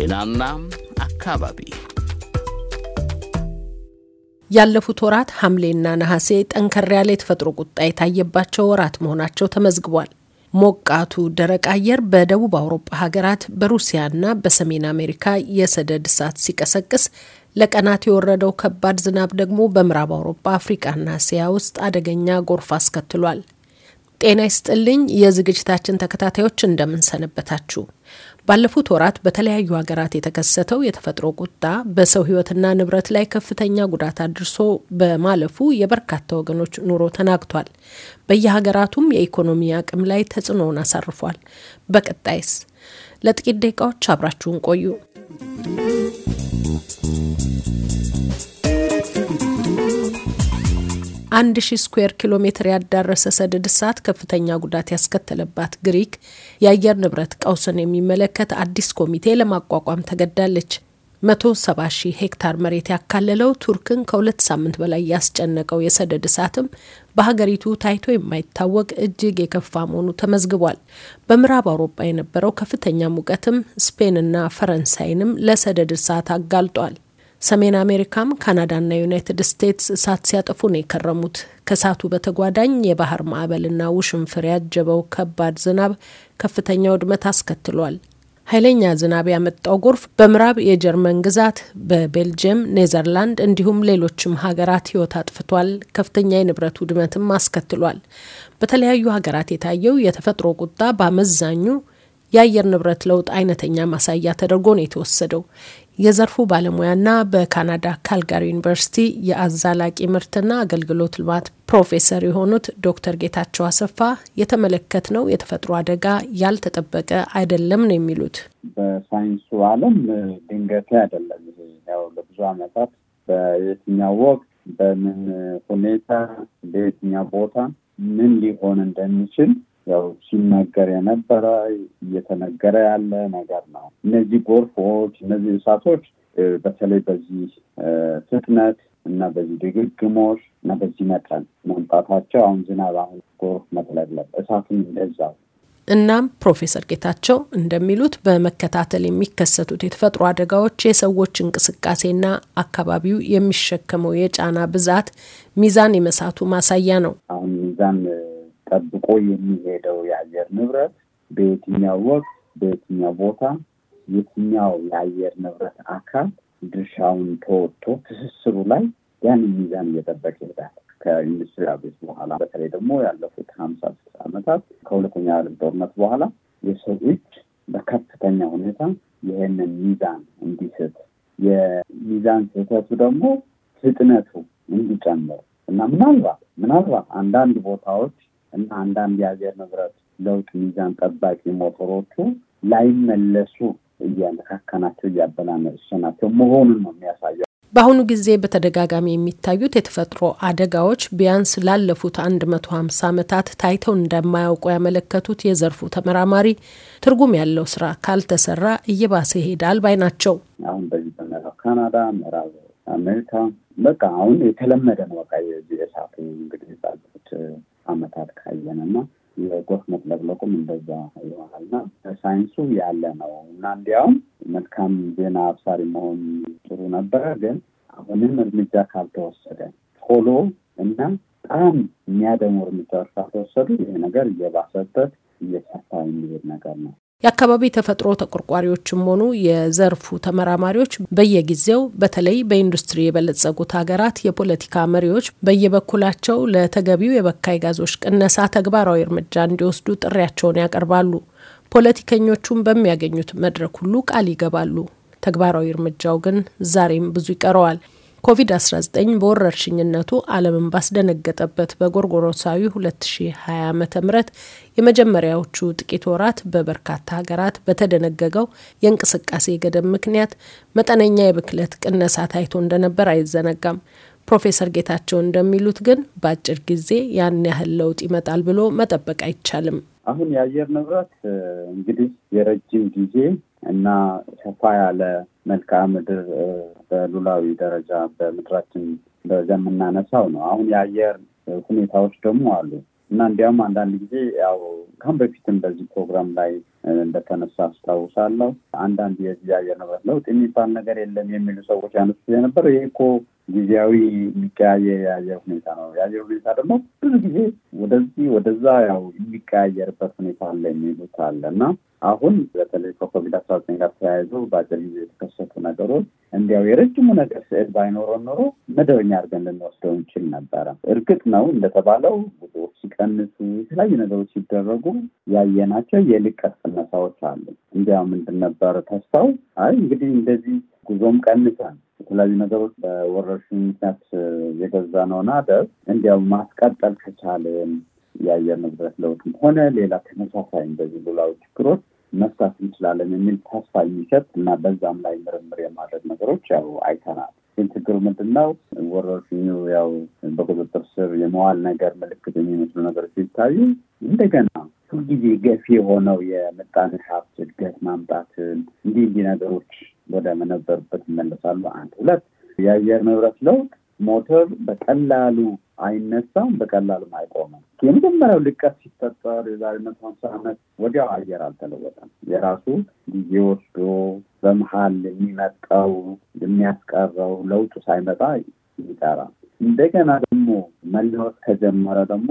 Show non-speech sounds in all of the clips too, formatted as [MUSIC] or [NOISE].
ጤናና አካባቢ ያለፉት ወራት ሐምሌና ነሐሴ ጠንከር ያለ የተፈጥሮ ቁጣ የታየባቸው ወራት መሆናቸው ተመዝግቧል። ሞቃቱ ደረቅ አየር በደቡብ አውሮፓ ሀገራት በሩሲያና በሰሜን አሜሪካ የሰደድ እሳት ሲቀሰቅስ ለቀናት የወረደው ከባድ ዝናብ ደግሞ በምዕራብ አውሮፓ አፍሪቃና እስያ ውስጥ አደገኛ ጎርፍ አስከትሏል። ጤና ይስጥልኝ የዝግጅታችን ተከታታዮች እንደምንሰነበታችሁ። ባለፉት ወራት በተለያዩ ሀገራት የተከሰተው የተፈጥሮ ቁጣ በሰው ህይወትና ንብረት ላይ ከፍተኛ ጉዳት አድርሶ በማለፉ የበርካታ ወገኖች ኑሮ ተናግቷል። በየሀገራቱም የኢኮኖሚ አቅም ላይ ተጽዕኖውን አሳርፏል። በቀጣይስ? ለጥቂት ደቂቃዎች አብራችሁን ቆዩ። አንድ ሺ ስኩዌር ኪሎ ሜትር ያዳረሰ ሰደድ እሳት ከፍተኛ ጉዳት ያስከተለባት ግሪክ የአየር ንብረት ቀውስን የሚመለከት አዲስ ኮሚቴ ለማቋቋም ተገዳለች። መቶ ሰባ ሺህ ሄክታር መሬት ያካለለው ቱርክን ከሁለት ሳምንት በላይ ያስጨነቀው የሰደድ እሳትም በሀገሪቱ ታይቶ የማይታወቅ እጅግ የከፋ መሆኑ ተመዝግቧል። በምዕራብ አውሮፓ የነበረው ከፍተኛ ሙቀትም ስፔንና ፈረንሳይንም ለሰደድ እሳት አጋልጧል። ሰሜን አሜሪካም ካናዳና ዩናይትድ ስቴትስ እሳት ሲያጠፉ ነው የከረሙት። ከእሳቱ በተጓዳኝ የባህር ማዕበልና ውሽንፍር ያጀበው ከባድ ዝናብ ከፍተኛ ውድመት አስከትሏል። ኃይለኛ ዝናብ ያመጣው ጎርፍ በምዕራብ የጀርመን ግዛት፣ በቤልጅየም፣ ኔዘርላንድ እንዲሁም ሌሎችም ሀገራት ሕይወት አጥፍቷል። ከፍተኛ የንብረት ውድመትም አስከትሏል። በተለያዩ ሀገራት የታየው የተፈጥሮ ቁጣ በአመዛኙ የአየር ንብረት ለውጥ አይነተኛ ማሳያ ተደርጎ ነው የተወሰደው። የዘርፉ ባለሙያና በካናዳ ካልጋሪ ዩኒቨርሲቲ የአዛላቂ ምርትና አገልግሎት ልማት ፕሮፌሰር የሆኑት ዶክተር ጌታቸው አሰፋ የተመለከትነው የተፈጥሮ አደጋ ያልተጠበቀ አይደለም ነው የሚሉት። በሳይንሱ ዓለም ድንገት አይደለም። ያው ለብዙ ዓመታት በየትኛው ወቅት በምን ሁኔታ በየትኛው ቦታ ምን ሊሆን እንደሚችል ያው ሲነገር የነበረ እየተነገረ ያለ ነገር ነው። እነዚህ ጎርፎች፣ እነዚህ እሳቶች በተለይ በዚህ ፍጥነት እና በዚህ ድግግሞሽ እና በዚህ መጠን መምጣታቸው አሁን ዝናብ፣ አሁን ጎርፍ መጥለቅለቅ፣ እሳትም እንደዛው። እናም ፕሮፌሰር ጌታቸው እንደሚሉት በመከታተል የሚከሰቱት የተፈጥሮ አደጋዎች የሰዎች እንቅስቃሴና አካባቢው የሚሸከመው የጫና ብዛት ሚዛን የመሳቱ ማሳያ ነው። አሁን ሚዛን ጠብቆ የሚሄደው የአየር ንብረት በየትኛው ወቅት በየትኛው ቦታ የትኛው የአየር ንብረት አካል ድርሻውን ተወጥቶ ትስስሩ ላይ ያንን ሚዛን እየጠበቀ ይሄዳል። ከኢንዱስትሪ አብዮት በኋላ በተለይ ደግሞ ያለፉት ሀምሳ ስት ዓመታት ከሁለተኛ ዓለም ጦርነት በኋላ የሰው እጅ በከፍተኛ ሁኔታ ይህንን ሚዛን እንዲስት የሚዛን ስህተቱ ደግሞ ፍጥነቱ እንዲጨምር እና ምናልባት ምናልባት አንዳንድ ቦታዎች እና አንዳንድ የሀገር ንብረት ለውጥ ሚዛን ጠባቂ ሞተሮቹ ላይመለሱ እያነካከናቸው ናቸው መሆኑን ነው የሚያሳየው። በአሁኑ ጊዜ በተደጋጋሚ የሚታዩት የተፈጥሮ አደጋዎች ቢያንስ ላለፉት 150 ዓመታት ታይተው እንደማያውቁ ያመለከቱት የዘርፉ ተመራማሪ ትርጉም ያለው ስራ ካልተሰራ እየባሰ ይሄዳል ባይ ናቸው። አሁን በዚህ በምዕራብ ካናዳ፣ ምዕራብ አሜሪካ በቃ አሁን የተለመደ ነው። በቃ የእሳቱ እንግዲህ በስፋት ካየን እና የጎርፍ መጥለቅለቁም እንደዛ ይሆናል እና ሳይንሱ ያለ ነው እና እንዲያውም መልካም ዜና አብሳሪ መሆን ጥሩ ነበረ። ግን አሁንም እርምጃ ካልተወሰደ ቶሎ እና በጣም የሚያደሙ እርምጃዎች ካልተወሰዱ ይህ ነገር እየባሰበት እየሰፋ የሚሄድ ነገር ነው። የአካባቢ ተፈጥሮ ተቆርቋሪዎችም ሆኑ የዘርፉ ተመራማሪዎች በየጊዜው በተለይ በኢንዱስትሪ የበለጸጉት ሀገራት የፖለቲካ መሪዎች በየበኩላቸው ለተገቢው የበካይ ጋዞች ቅነሳ ተግባራዊ እርምጃ እንዲወስዱ ጥሪያቸውን ያቀርባሉ። ፖለቲከኞቹም በሚያገኙት መድረክ ሁሉ ቃል ይገባሉ። ተግባራዊ እርምጃው ግን ዛሬም ብዙ ይቀረዋል። ኮቪድ-19 በወረርሽኝነቱ ዓለምን ባስደነገጠበት በጎርጎሮሳዊ 2020 ዓ.ም የመጀመሪያዎቹ ጥቂት ወራት በበርካታ ሀገራት በተደነገገው የእንቅስቃሴ ገደብ ምክንያት መጠነኛ የብክለት ቅነሳ ታይቶ እንደነበር አይዘነጋም። ፕሮፌሰር ጌታቸው እንደሚሉት ግን በአጭር ጊዜ ያን ያህል ለውጥ ይመጣል ብሎ መጠበቅ አይቻልም። አሁን የአየር ንብረት እንግዲህ የረጅም ጊዜ እና ሰፋ ያለ መልክዓ ምድር በሉላዊ ደረጃ በምድራችን ደረጃ የምናነሳው ነው። አሁን የአየር ሁኔታዎች ደግሞ አሉ። እና እንዲያውም አንዳንድ ጊዜ ያው ከም በፊትም በዚህ ፕሮግራም ላይ እንደተነሳ አስታውሳለሁ። አንዳንድ የዚህ አየር ንብረት ለውጥ የሚባል ነገር የለም የሚሉ ሰዎች ያነሱ የነበረ ይህ እኮ ጊዜያዊ የሚቀያየር የአየር ሁኔታ ነው። የአየር ሁኔታ ደግሞ ብዙ ጊዜ ወደዚህ ወደዛ ያው የሚቀያየርበት ሁኔታ አለ የሚሉት አለ እና አሁን በተለይ ከኮቪድ አስራ ዘጠኝ ጋር ተያይዞ በአጭር ጊዜ የተከሰቱ ነገሮች እንዲያው የረጅሙ ነገር ስዕል ባይኖረን ኖሮ መደበኛ አድርገን ልንወስደው እንችል ነበረ። እርግጥ ነው እንደተባለው ጉዞዎች ሲቀንሱ፣ የተለያዩ ነገሮች ሲደረጉ ያየናቸው የልቀት ቅነሳዎች አሉ። እንዲያ ምንድን ነበር ተስፋው? አይ እንግዲህ እንደዚህ ጉዞም ቀንሰን የተለያዩ ነገሮች በወረርሽኝ ምክንያት የገዛ ነውና አደብ እንዲያው ማስቀጠል ከቻልን የአየር ንብረት ለውጥም ሆነ ሌላ ተመሳሳይ እንደዚህ ሉላዊ ችግሮች መፍታት እንችላለን የሚል ተስፋ የሚሰጥ እና በዛም ላይ ምርምር የማድረግ ነገሮች ያው አይተናል። ግን ችግሩ ምንድን ነው? ወረርሽኙ ያው በቁጥጥር ስር የመዋል ነገር ምልክት የሚመስሉ ነገሮች ሲታዩ እንደገና ሁልጊዜ ገፊ የሆነው የምጣኔ ሀብት እድገት ማምጣትን እንዲህ እንዲህ ነገሮች ወደ መነበሩበት ይመለሳሉ። አንድ ሁለት የአየር ንብረት ለውጥ ሞተር በቀላሉ አይነሳም፣ በቀላሉም አይቆምም። የመጀመሪያው ልቀት ሲፈጠር የዛሬ መቶ ሀምሳ ዓመት ወዲያው አየር አልተለወጠም። የራሱ ጊዜ ወስዶ በመሀል የሚመጣው የሚያስቀረው ለውጡ ሳይመጣ ይጠራ እንደገና ደግሞ መለወጥ ከጀመረ ደግሞ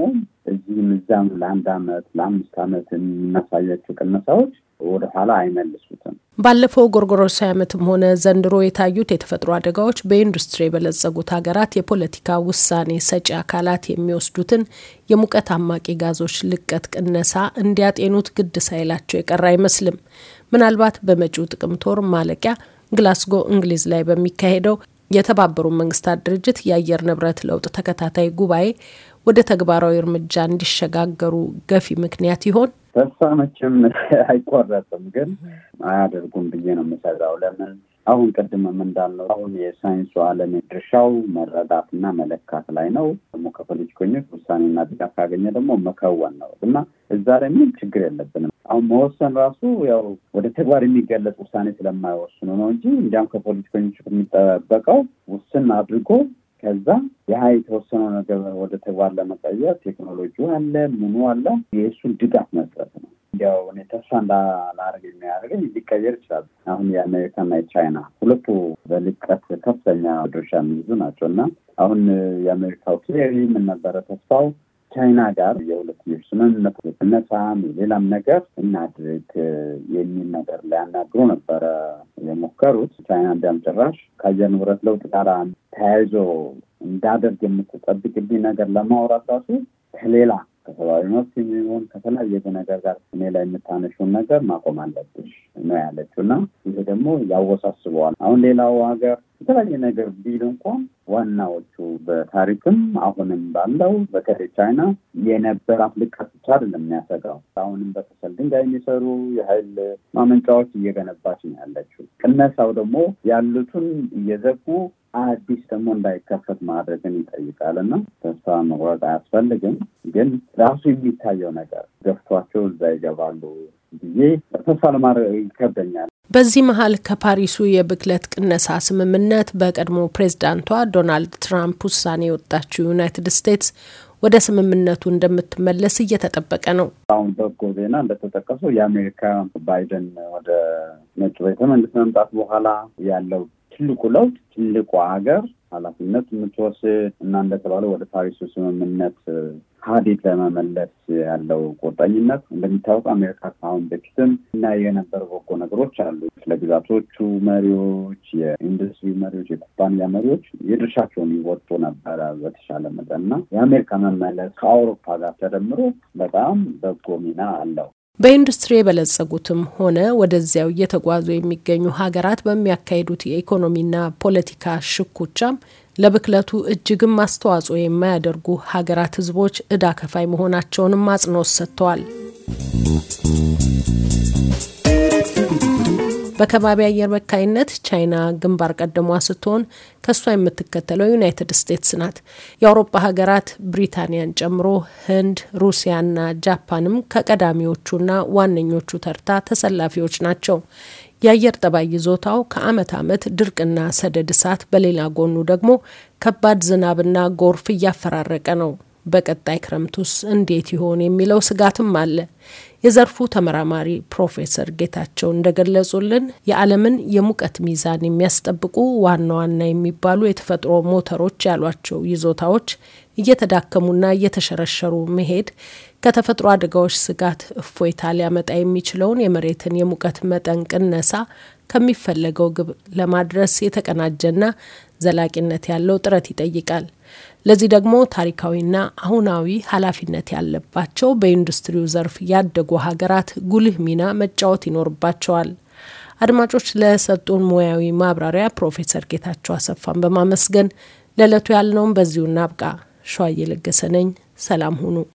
እዚህም እዚያም ለአንድ አመት ለአምስት አመት የሚያሳያቸው ቅነሳዎች ወደኋላ አይመልሱትም። ባለፈው ጎርጎሮሳዊ ዓመትም ሆነ ዘንድሮ የታዩት የተፈጥሮ አደጋዎች በኢንዱስትሪ የበለጸጉት ሀገራት የፖለቲካ ውሳኔ ሰጪ አካላት የሚወስዱትን የሙቀት አማቂ ጋዞች ልቀት ቅነሳ እንዲያጤኑት ግድ ሳይላቸው የቀረ አይመስልም። ምናልባት በመጪው ጥቅምት ወር ማለቂያ ግላስጎ እንግሊዝ ላይ በሚካሄደው የተባበሩት መንግስታት ድርጅት የአየር ንብረት ለውጥ ተከታታይ ጉባኤ ወደ ተግባራዊ እርምጃ እንዲሸጋገሩ ገፊ ምክንያት ይሆን? ተስፋ መቼም [LAUGHS] አይቆረጥም፣ ግን አያደርጉም ብዬ ነው የምሰራው። ለምን አሁን ቅድምም እንዳልነው አሁን የሳይንሱ ዓለም ድርሻው መረዳትና መለካት ላይ ነው። ደግሞ ከፖለቲከኞች ውሳኔና ድጋፍ ካገኘ ደግሞ መከወን ነው እና እዛ ላይ ምንም ችግር የለብንም። አሁን መወሰን ራሱ ያው ወደ ተግባር የሚገለጽ ውሳኔ ስለማይወስኑ ነው እንጂ እንዲያም ከፖለቲከኞች የሚጠበቀው ውስን አድርጎ ከዛ ያ የተወሰነ ነገር ወደ ተግባር ለመቀየር ቴክኖሎጂ አለ፣ ምኑ አለ፣ የእሱን ድጋፍ መስጠት ነው። እንዲያው እኔ ተስፋ እንዳላደርግ የሚያደርገኝ ሊቀየር ይችላል። አሁን የአሜሪካና የቻይና ሁለቱ በልቀት ከፍተኛ ድርሻ የሚይዙ ናቸው እና አሁን የአሜሪካው ኬሪ የምንነበረ ተስፋው ቻይና ጋር የሁለትዮሽ ስምምነት ነሳም ሌላም ነገር እናድርግ የሚል ነገር ሊያናግሩ ነበረ የሞከሩት። ቻይና እንዲያም ጭራሽ ከአየር ንብረት ለውጥ ጋር ተያይዞ እንዳደርግ የምትጠብቅብኝ ነገር ለማውራት ራሱ ከሌላ ከሰብአዊ መብት የሚሆን ከተለያየ ነገር ጋር እኔ ላይ የምታነሹን ነገር ማቆም አለብሽ ነው ያለችው እና ይሄ ደግሞ ያወሳስበዋል። አሁን ሌላው ሀገር የተለያየ ነገር ቢል እንኳን ዋናዎቹ በታሪክም አሁንም ባለው በተለይ ቻይና የነበራት ልቀት ብቻ አይደለም የሚያሰጋው። አሁንም በከሰል ድንጋይ የሚሰሩ የኃይል ማመንጫዎች እየገነባች ነው ያለችው። ቅነሳው ደግሞ ያሉትን እየዘጉ አዲስ ደግሞ እንዳይከፈት ማድረግን ይጠይቃል እና ተስፋ መቁረጥ አያስፈልግም። ግን ራሱ የሚታየው ነገር ገፍቷቸው እዛ ይገባሉ ብዬ ተስፋ ለማድረግ ይከብደኛል። በዚህ መሀል ከፓሪሱ የብክለት ቅነሳ ስምምነት በቀድሞ ፕሬዝዳንቷ ዶናልድ ትራምፕ ውሳኔ የወጣችው ዩናይትድ ስቴትስ ወደ ስምምነቱ እንደምትመለስ እየተጠበቀ ነው። አሁን በጎ ዜና እንደተጠቀሰው የአሜሪካ ባይደን ወደ ነጭ ቤተ መንግስት መምጣት በኋላ ያለው ትልቁ ለውጥ ትልቁ ሀገር ኃላፊነት የምትወስድ እና እንደተባለ ወደ ፓሪሱ ስምምነት ሀዲድ ለመመለስ ያለው ቁርጠኝነት እንደሚታወቀ አሜሪካ ከአሁን በፊትም እና የነበሩ በጎ ነገሮች አሉ። ለግዛቶቹ መሪዎች፣ የኢንዱስትሪ መሪዎች፣ የኩባንያ መሪዎች የድርሻቸውን ይወጡ ነበረ በተሻለ መጠን እና የአሜሪካ መመለስ ከአውሮፓ ጋር ተደምሮ በጣም በጎ ሚና አለው። በኢንዱስትሪ የበለጸጉትም ሆነ ወደዚያው እየተጓዙ የሚገኙ ሀገራት በሚያካሂዱት የኢኮኖሚና ፖለቲካ ሽኩቻም ለብክለቱ እጅግም አስተዋጽኦ የማያደርጉ ሀገራት ህዝቦች እዳ ከፋይ መሆናቸውንም አጽንኦት ሰጥተዋል። በከባቢ አየር በካይነት ቻይና ግንባር ቀደሟ ስትሆን ከእሷ የምትከተለው ዩናይትድ ስቴትስ ናት። የአውሮፓ ሀገራት ብሪታንያን ጨምሮ ህንድ፣ ሩሲያና ጃፓንም ከቀዳሚዎቹና ዋነኞቹ ተርታ ተሰላፊዎች ናቸው። የአየር ጠባይ ይዞታው ከአመት አመት ድርቅና ሰደድ እሳት፣ በሌላ ጎኑ ደግሞ ከባድ ዝናብና ጎርፍ እያፈራረቀ ነው። በቀጣይ ክረምቱስ እንዴት ይሆን የሚለው ስጋትም አለ። የዘርፉ ተመራማሪ ፕሮፌሰር ጌታቸው እንደገለጹልን የዓለምን የሙቀት ሚዛን የሚያስጠብቁ ዋና ዋና የሚባሉ የተፈጥሮ ሞተሮች ያሏቸው ይዞታዎች እየተዳከሙና እየተሸረሸሩ መሄድ ከተፈጥሮ አደጋዎች ስጋት እፎይታ ሊያመጣ የሚችለውን የመሬትን የሙቀት መጠን ቅነሳ ከሚፈለገው ግብ ለማድረስ የተቀናጀና ዘላቂነት ያለው ጥረት ይጠይቃል። ለዚህ ደግሞ ታሪካዊና አሁናዊ ኃላፊነት ያለባቸው በኢንዱስትሪው ዘርፍ ያደጉ ሀገራት ጉልህ ሚና መጫወት ይኖርባቸዋል። አድማጮች፣ ለሰጡን ሙያዊ ማብራሪያ ፕሮፌሰር ጌታቸው አሰፋን በማመስገን ለዕለቱ ያልነውም በዚሁ እናብቃ። ሸዋዬ ለገሰ ነኝ። ሰላም ሁኑ።